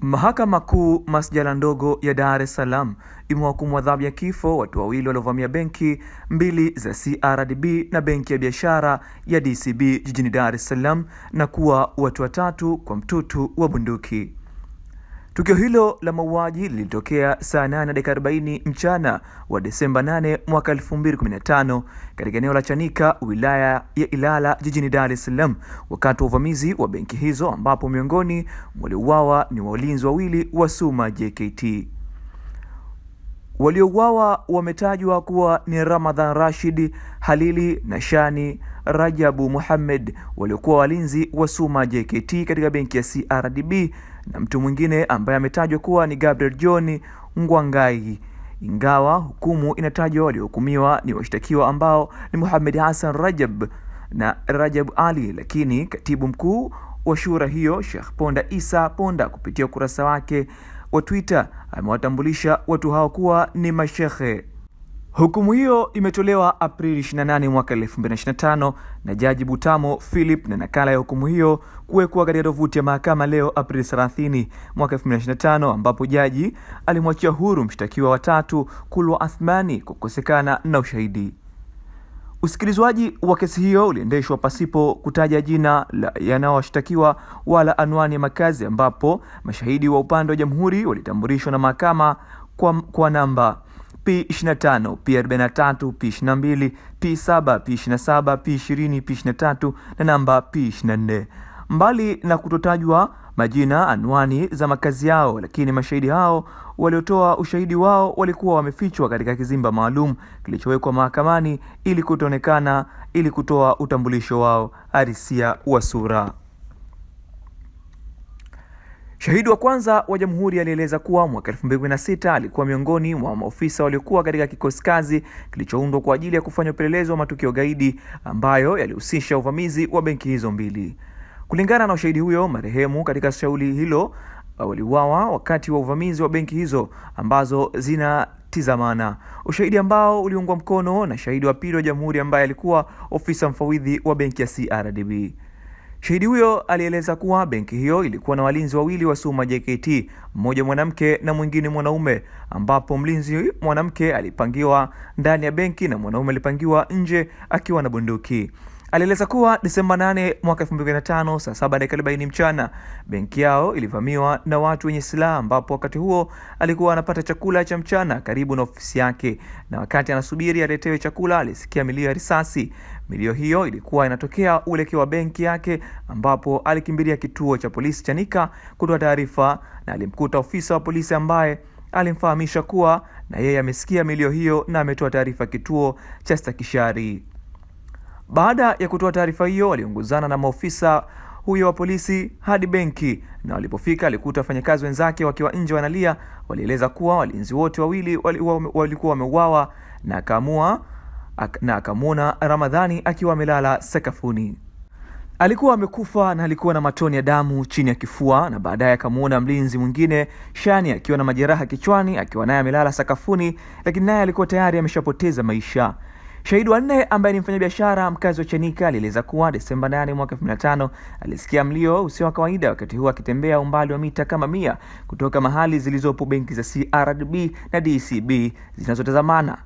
Mahakama Kuu masjala ndogo ya Dar es Salaam imewahukumu adhabu ya kifo watu wawili waliovamia benki mbili za CRDB na benki ya biashara ya DCB jijini Dar es Salaam na kuwa watu watatu kwa mtutu wa bunduki. Tukio hilo la mauaji lilitokea saa 8:40 mchana wa Desemba 8 mwaka 2015 katika eneo la Chanika, wilaya ya Ilala, jijini Dar es Salaam, wakati wa uvamizi wa benki hizo ambapo miongoni mwa waliouawa ni walinzi wawili wa Suma JKT. Waliouawa wametajwa kuwa ni Ramadhan Rashid Halili na Shani Rajabu Mohamed waliokuwa walinzi wa Suma JKT katika benki ya CRDB na mtu mwingine ambaye ametajwa kuwa ni Gabriel John Ngwangai ingawa hukumu inatajwa waliohukumiwa ni washtakiwa ambao ni Mohamed Hassan Rajab na Rajab Ali, lakini katibu mkuu wa shura hiyo Sheikh Ponda Isa Ponda kupitia ukurasa wake wa Twitter amewatambulisha watu hao kuwa ni mashehe Hukumu hiyo imetolewa Aprili 28 mwaka 2025 na Jaji Butamo Philip na nakala ya hukumu hiyo kuwekwa katika tovuti ya mahakama leo Aprili 30 mwaka 2025, ambapo jaji alimwachia huru mshtakiwa wa tatu Kulwa Athmani kukosekana na ushahidi. Usikilizwaji wa kesi hiyo uliendeshwa pasipo kutaja jina la yanaoshtakiwa wala anwani ya makazi, ambapo mashahidi wa upande wa Jamhuri walitambulishwa na mahakama kwa, kwa namba P25, P43, P22, P7, P27, P20, P23 na namba P24. Mbali na kutotajwa majina, anwani za makazi yao, lakini mashahidi hao waliotoa ushahidi wao walikuwa wamefichwa katika kizimba maalum kilichowekwa mahakamani ili kutoonekana ili kutoa utambulisho wao arisia wa sura. Shahidi wa kwanza wa Jamhuri alieleza kuwa mwaka 2016 alikuwa miongoni mwa maofisa waliokuwa katika kikosi kazi kilichoundwa kwa ajili ya kufanya upelelezi wa matukio gaidi ambayo yalihusisha uvamizi wa benki hizo mbili. Kulingana na ushahidi huyo, marehemu katika shauli hilo uh, waliuawa wakati wa uvamizi wa benki hizo ambazo zina tizamana ushahidi ambao uliungwa mkono na shahidi wa pili wa Jamhuri ambaye alikuwa ofisa mfawidhi wa benki ya CRDB. Shahidi huyo alieleza kuwa benki hiyo ilikuwa na walinzi wawili wa Suma JKT, mmoja mwanamke na mwingine mwanaume, ambapo mlinzi mwanamke alipangiwa ndani ya benki na mwanaume alipangiwa nje akiwa na bunduki. Alieleza kuwa Desemba 8 mwaka 2025 saa saba dakika arobaini mchana benki yao ilivamiwa na watu wenye silaha, ambapo wakati huo alikuwa anapata chakula cha mchana karibu na ofisi yake, na wakati anasubiri aletewe chakula alisikia milio ya risasi. Milio hiyo ilikuwa inatokea uelekeo wa benki yake, ambapo alikimbilia kituo cha polisi cha Nika kutoa taarifa, na alimkuta ofisa wa polisi ambaye alimfahamisha kuwa na yeye amesikia milio hiyo na ametoa taarifa kituo cha Stakishari. Baada ya kutoa taarifa hiyo, waliongozana na maofisa huyo wa polisi hadi benki, na walipofika alikuta wafanyakazi wenzake wakiwa nje wanalia. Walieleza kuwa walinzi wote wawili walikuwa wameuawa, na akamwona Ramadhani akiwa amelala sakafuni. Alikuwa amekufa na alikuwa na matone ya damu chini ya kifua, na baadaye akamwona mlinzi mwingine Shani akiwa na majeraha kichwani, akiwa naye amelala sakafuni, lakini naye alikuwa tayari ameshapoteza maisha. Shahidi wa nne ambaye ni mfanyabiashara mkazi wa Chanika alieleza kuwa Desemba 8 mwaka 2005 alisikia mlio usio wa kawaida, wakati huo akitembea umbali wa mita kama mia kutoka mahali zilizopo benki za CRDB na DCB zinazotazamana.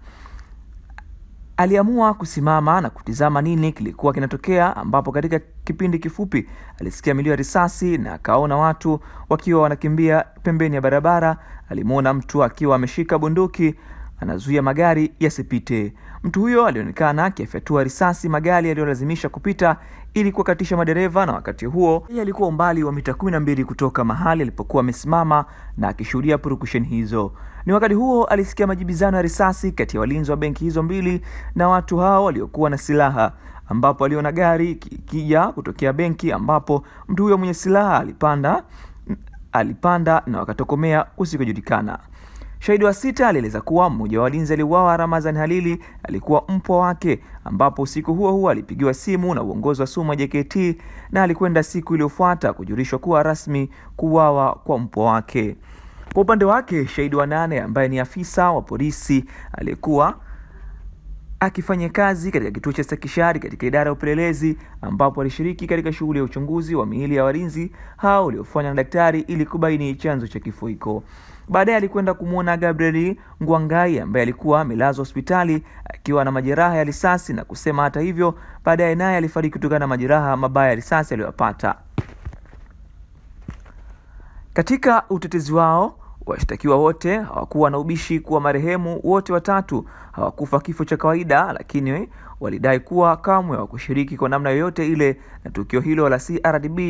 Aliamua kusimama na kutizama nini kilikuwa kinatokea, ambapo katika kipindi kifupi alisikia milio ya risasi na akaona watu wakiwa wanakimbia pembeni ya barabara. Alimwona mtu akiwa ameshika bunduki anazuia magari yasipite. Mtu huyo alionekana akifyatua risasi magari yaliyolazimisha kupita ili kuwakatisha madereva, na wakati huo yeye alikuwa umbali wa mita kumi na mbili kutoka mahali alipokuwa amesimama na akishuhudia purukusheni hizo. Ni wakati huo alisikia majibizano ya risasi kati ya walinzi wa benki hizo mbili na watu hao waliokuwa na silaha, ambapo aliona gari ikija kutokea benki, ambapo mtu huyo mwenye silaha alipanda alipanda na wakatokomea usikojulikana. Shahidi wa sita alieleza kuwa mmoja wa walinzi aliuawa, Ramadhan halili alikuwa mpwa wake, ambapo usiku huo huo alipigiwa simu na uongozi wa SUMA JKT na alikwenda siku iliyofuata kujulishwa kuwa rasmi kuwawa kwa mpwa wake. Kwa upande wake, shahidi wa nane ambaye ni afisa wa polisi aliyekuwa akifanya kazi katika kituo cha Stakishari katika idara ya upelelezi ambapo alishiriki katika shughuli ya uchunguzi wa miili ya walinzi hao uliofanywa na daktari ili kubaini chanzo cha kifo hicho. Baadaye alikwenda kumwona Gabriel Ngwangai ambaye alikuwa amelazwa hospitali akiwa na majeraha ya risasi na kusema hata hivyo baadaye naye alifariki kutokana na majeraha mabaya ya risasi aliyopata. Katika utetezi wao Washtakiwa wote hawakuwa na ubishi kuwa marehemu wote watatu hawakufa kifo cha kawaida, lakini walidai kuwa kamwe hawakushiriki kwa namna yoyote ile na tukio hilo la CRDB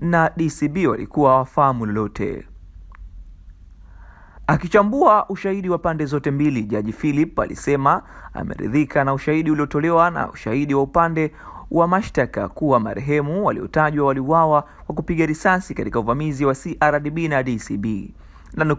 na DCB walikuwa wafahamu lolote. Akichambua ushahidi wa pande zote mbili, Jaji Philip alisema ameridhika na ushahidi uliotolewa na ushahidi wa upande wa mashtaka kuwa marehemu waliotajwa waliuawa kwa kupiga risasi katika uvamizi wa CRDB na DCB na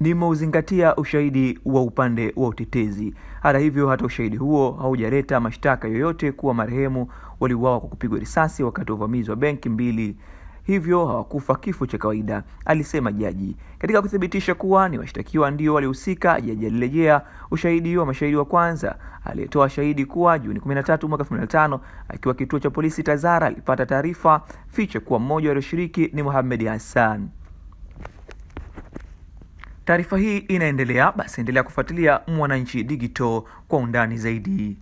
nimeuzingatia ushahidi wa upande wa utetezi. Hata hivyo, hata ushahidi huo haujaleta mashtaka yoyote kuwa marehemu waliuawa kwa kupigwa risasi wakati wa uvamizi wa benki mbili hivyo hawakufa kifo cha kawaida, alisema jaji. Katika kuthibitisha kuwa ni washtakiwa ndio walihusika, jaji alirejea ushahidi wa mashahidi wa kwanza aliyetoa shahidi kuwa Juni 13 mwaka 2005 akiwa kituo cha polisi Tazara alipata taarifa ficha kuwa mmoja walioshiriki ni Mohamed Hassan. Taarifa hii inaendelea, basi endelea kufuatilia Mwananchi Digital kwa undani zaidi.